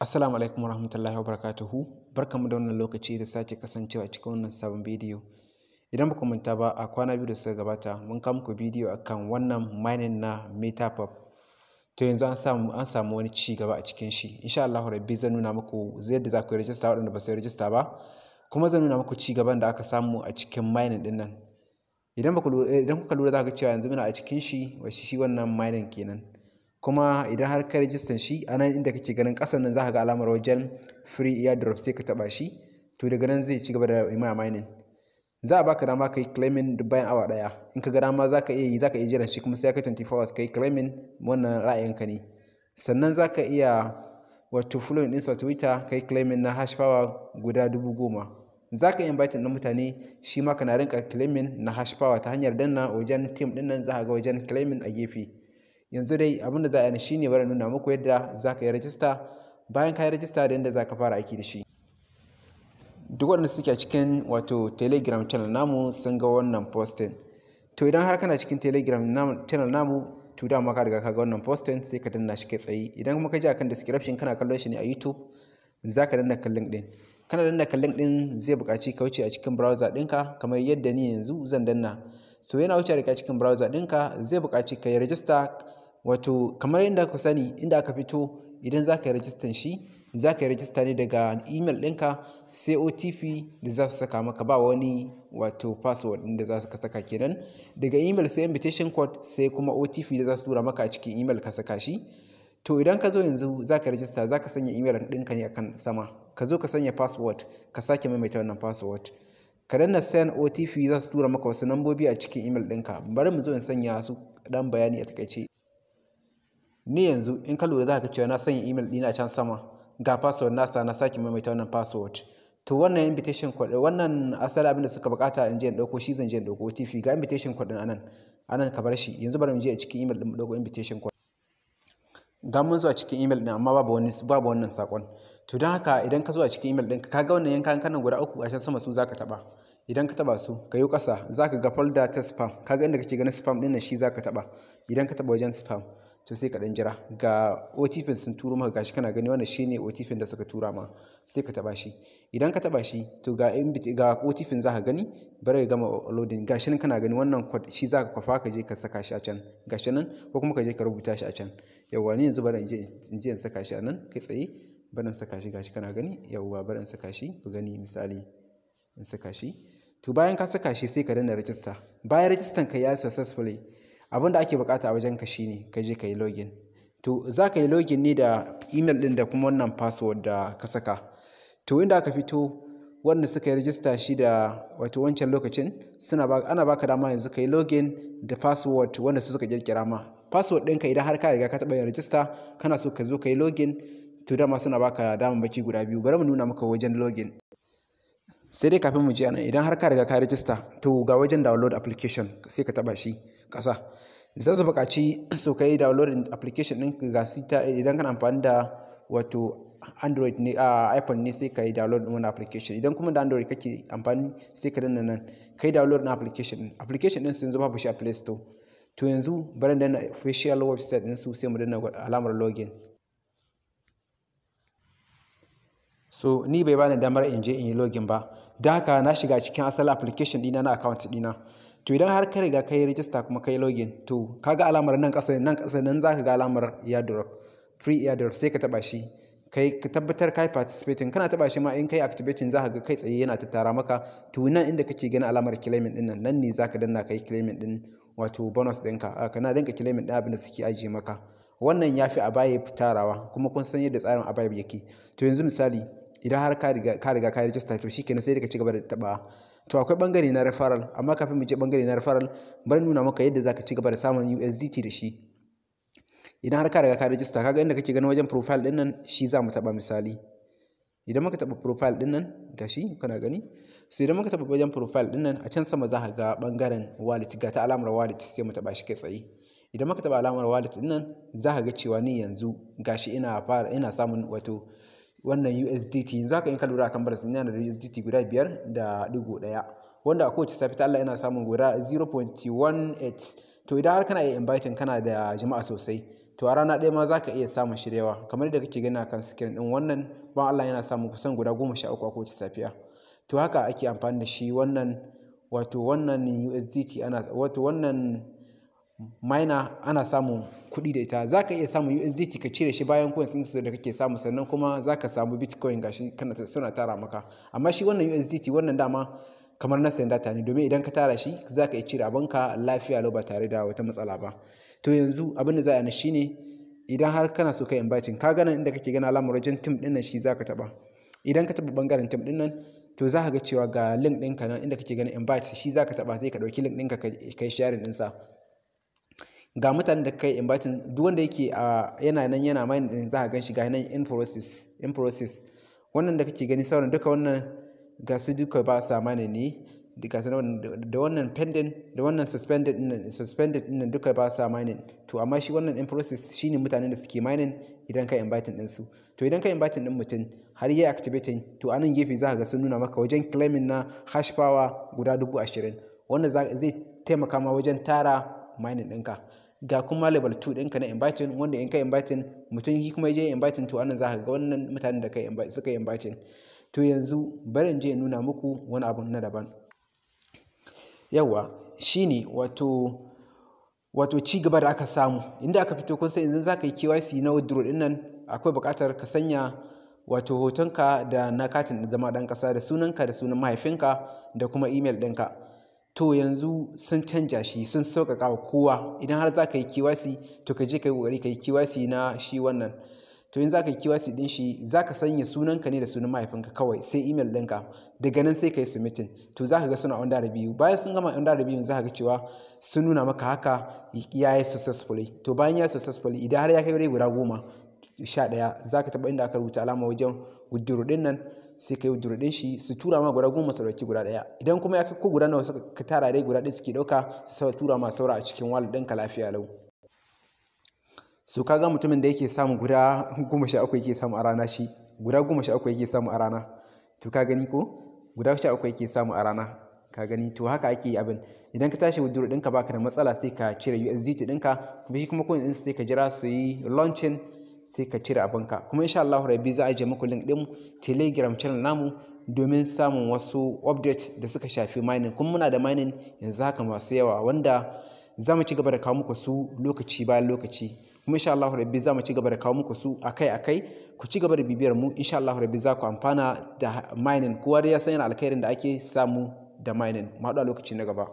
Assalamu alaikum warahmatullahi wabarakatuhu barkamu da wannan lokaci da sake kasancewa cikin wannan sabon bidiyo idan baku manta ba a kwana biyu da suka gabata mun kawo muku bidiyo akan wannan mining na metapop to yanzu an samu an samu wani ci gaba a cikin shi insha Allah rabbi zan nuna muku yadda za ku register waɗanda ba su yi register ba kuma zan nuna muku ci gaban da aka samu a cikin mining din nan idan baku eh, idan kuka lura za ku cewa yanzu muna a cikin shi wa shi wannan mining kenan kuma idan har ka rijistan shi a nan inda kake ganin ƙasan nan za ka ga alamar wajen free airdrop sai ka taɓa shi to daga nan zai ci gaba da ima mining za a baka dama ka yi claiming duk bayan awa daya in ka ga dama za ka iya yi za ka iya jiran shi kuma sai ka 24 hours ka yi claiming wannan ra'ayinka ne sannan za ka iya wato following ɗinsa twitter ka yi claiming na hash power guda dubu goma za ka invite na mutane shi ma kana rinka claiming na hash power ta hanyar danna wajen team dinnan za ka ga wajen claiming a gefe yanzu dai abin da za a yi ne bari nuna muku yadda za ka yi rajista bayan ka yi rajista da yadda za ka fara aiki da shi duk waɗanda suke a cikin wato telegram channel namu sun ga wannan posting to idan har kana cikin telegram channel namu to dama ka riga ka ga wannan posting sai ka danna shi kai tsayi idan kuma ka ji akan description kana kallon shi ne a youtube za ka danna kallon din kana danna kallon din zai buƙaci ka wuce a cikin browser ɗinka kamar yadda ni yanzu zan danna so yana wuce a cikin browser ka zai buƙaci ka yi rajista Wato kamar yadda ku sani inda aka fito idan za ka yi rajistan shi za ka yi rajista ne daga email ɗinka sai OTP da za su saka maka ba wani wato password ɗin da za su saka kenan daga email sai invitation code sai kuma OTP da za su tura maka a cikin email ka saka shi to idan ka zo yanzu za ka rajista za ka sanya email ɗinka ne akan sama ka zo ka sanya password ka sake maimaita wannan password ka danna send OTP za su tura maka wasu lambobi a cikin email ɗinka bari mu zo in sanya su ɗan bayani a takaice ni yanzu in ka lura za ka cewa na sanya email a can sama ga password nasa na sake maimaita wannan password to wannan invitation code wannan asali abin da suka bukata in je in dauko shi zan je in dauko OTP ga invitation code din anan anan ka bar shi yanzu bari mu je a cikin email din mu dauko invitation code ga mun zuwa cikin email din amma babu wani babu wannan sakon to don haka idan ka zo a cikin email din ka ga wannan yankan kanan guda uku a can sama su zaka taba idan ka taba su ka yi kasa zaka ga folder ta spam kaga inda kake ganin spam din nan shi zaka taba idan ka taba wajen spam to sai ka dan jira ga otifin sun turo maka gashi kana gani wannan shine otifin da suka tura ma sai ka taba shi idan ka taba shi to ga ga otifin za ka gani bare gama loading gashi nan kana gani wannan code shi za kwafa ka je ka saka shi a can gashi nan ko kuma ka je ka rubuta shi a can yawa ni yanzu bare in je in saka shi a nan kai tsaye bare in saka shi gashi kana gani yawa bare in saka shi ku gani misali in saka shi to bayan ka saka shi sai ka danna register bayan registan ka ya successfully abin da ake bukata a wajenka shine ka je ka yi login to za ka yi login ne da email din da kuma wannan password da ka saka to inda aka fito wanda suka yi rajista shi da wato wancan lokacin suna ba ana baka dama yanzu ka yi login da password wanda su suka kirkira ma password ɗinka idan har ka riga ka taɓa yin rajista kana so ka zo ka yi login to dama suna baka baki guda biyu bari mu nuna maka wajen login sai dai kafin mu ji ana idan har ka riga ka rijista to ga wajen download application sai ka taba shi kasa za su buƙaci so kai download application ɗin ga ta idan kana amfani da wato android ne a iphone ne sai ka yi download din wani application idan kuma da android kake amfani sai ka danna nan kai download na application application ɗin sun zuba ba shi a play store to yanzu bari na official website din su sai mu danna alamar login so ni bai bani damar in je in yi login ba da haka na shiga cikin asalin application dina na account dina to idan har ka riga kai register kuma kai login to kaga alamar nan kasa nan kasa nan zaka ga alamar airdrop free airdrop sai ka taba shi kai ka tabbatar kai participating kana taba shi ma in kai activating zaka ga kai tsaye yana tattara maka to nan inda kake gani alamar claiming din nan nan ne zaka danna kai claiming din wato bonus ɗinka kana dinka claiming din abin da suke ajiye maka wannan ya fi abaya tarawa kuma kun san yadda tsarin abaya yake to yanzu misali idan har ka riga ka riga ka rijista to kenan sai ka cigaba da taɓa, to akwai bangare na referral amma kafin mu je bangare na referral bari nuna maka yadda zaka ka cigaba da samun USDT da shi idan har ka riga ka rijista kaga inda kake ganin wajen profile din nan shi za mu taba misali idan muka taba profile din nan gashi kana gani sai idan muka taba wajen profile din nan a can sama za ka ga bangaren wallet ga ta alamar wallet sai mu taba shi kai tsaye idan muka taɓa alamar wallet din nan za ka ga cewa ni yanzu gashi ina fara ina samun wato wannan USDT yanzu haka in ka lura akan barasin ina da USDT guda biyar da digo ɗaya wanda a kowace safi ta Allah ina samun guda 0.18 to idan har kana iya inviting kana da jama'a sosai to a rana ɗaya ma za ka iya samun shiryawa kamar yadda kake gani kan sikirin ɗin wannan ban Allah yana samun kusan guda goma sha uku a kowace safiya to haka ake amfani da shi wannan wato wannan USDT ana wato wannan Mina ana samun kuɗi da ita za ka iya samun USDT ka cire shi bayan coins sun da kake samu sannan kuma za ka samu Bitcoin gashi kana suna tara maka amma shi wannan USDT wannan dama kamar na sayan data ne domin idan ka tara shi za ka iya cire abinka lafiya lau ba tare da wata matsala ba to yanzu abin da za a yi ne idan har kana so ka yi inviting ka ganin inda kake gana alamar wajen tim din nan shi za ka taɓa idan ka taɓa bangaren tim din nan to za ka ga cewa ga link ɗinka nan inda kake ganin invite shi za ka taɓa sai ka ɗauki link ɗinka ka yi sharing ɗinsa ga mutanen da kai inviting duk wanda yake a yana nan yana mai da za ka gan shi ga nan in process in process wannan da kake gani sauran duka wannan ga su duka ba sa mani ne da wannan pending da wannan suspended din suspended din duka ba sa mining to amma shi wannan in process shine mutanen da suke mining idan ka inviting din su to idan ka inviting din mutum har yayi activating to anan gefe za ka ga sun nuna maka wajen claiming na hash power guda dubu ashirin wanda zai taimaka ma wajen tara mining ɗinka ga kuma level 2 ɗinka na inviting wanda in ka inviting mutum yi kuma je inviting to anan za ka ga wannan mutanen da suka inviting to yanzu barin je nuna muku wani abu na daban yawa shine wato wato ci gaba da aka samu inda aka fito kun sai yanzu za ka yi KYC na withdraw din nan akwai buƙatar ka sanya wato hotonka da na katin zama ɗan ƙasa da sunanka da sunan mahaifinka da kuma email ɗinka to yanzu sun canja shi sun sauƙaƙa wa kowa idan har za ka yi kiwasi to ka je ka yi ƙoƙari ka yi kiwasi na shi wannan to yanzu za ka yi kiwasi din shi za ka sanya sunanka ne da sunan mahaifinka kawai sai imel ɗinka daga nan sai ka yi submitting to za ka ga suna on da biyu bayan sun gama on da biyu za ka ga cewa sun nuna maka haka ya yi successfully to bayan ya yi successfully idan har ya kai guda goma sha ɗaya za ka taɓa inda aka rubuta alama wajen withdraw ɗin nan sai ka yi withdrawal din shi su tura ma guda goma su guda daya idan kuma ya kai ko guda nawa suka ka tara dai guda ɗaya suke dauka su sa tura ma saura a cikin wallet ɗinka lafiya lau so ga mutumin da yake samu guda goma sha uku yake samu a rana shi guda goma sha uku yake samu a rana to ka gani ko guda sha uku yake samu a rana ka gani to haka ake yi abin idan ka tashi withdraw ɗinka baka da matsala sai ka cire USDT ɗinka kuma shi kuma coin sai ka jira su yi launching sai ka cire abinka kuma insha Allah rabi za a je muku link din telegram channel namu domin samun wasu update da suka shafi mining kuma muna da mining yanzu haka masu yawa wanda za mu ci gaba da kawo muku su lokaci bayan lokaci kuma insha Allah rabbi za mu ci gaba da kawo muku su akai akai ku ci gaba da bibiyar mu insha Allah rabbi za ku amfana da mining kowa ya san yana alkhairin da ake samu da mining ma da lokaci na gaba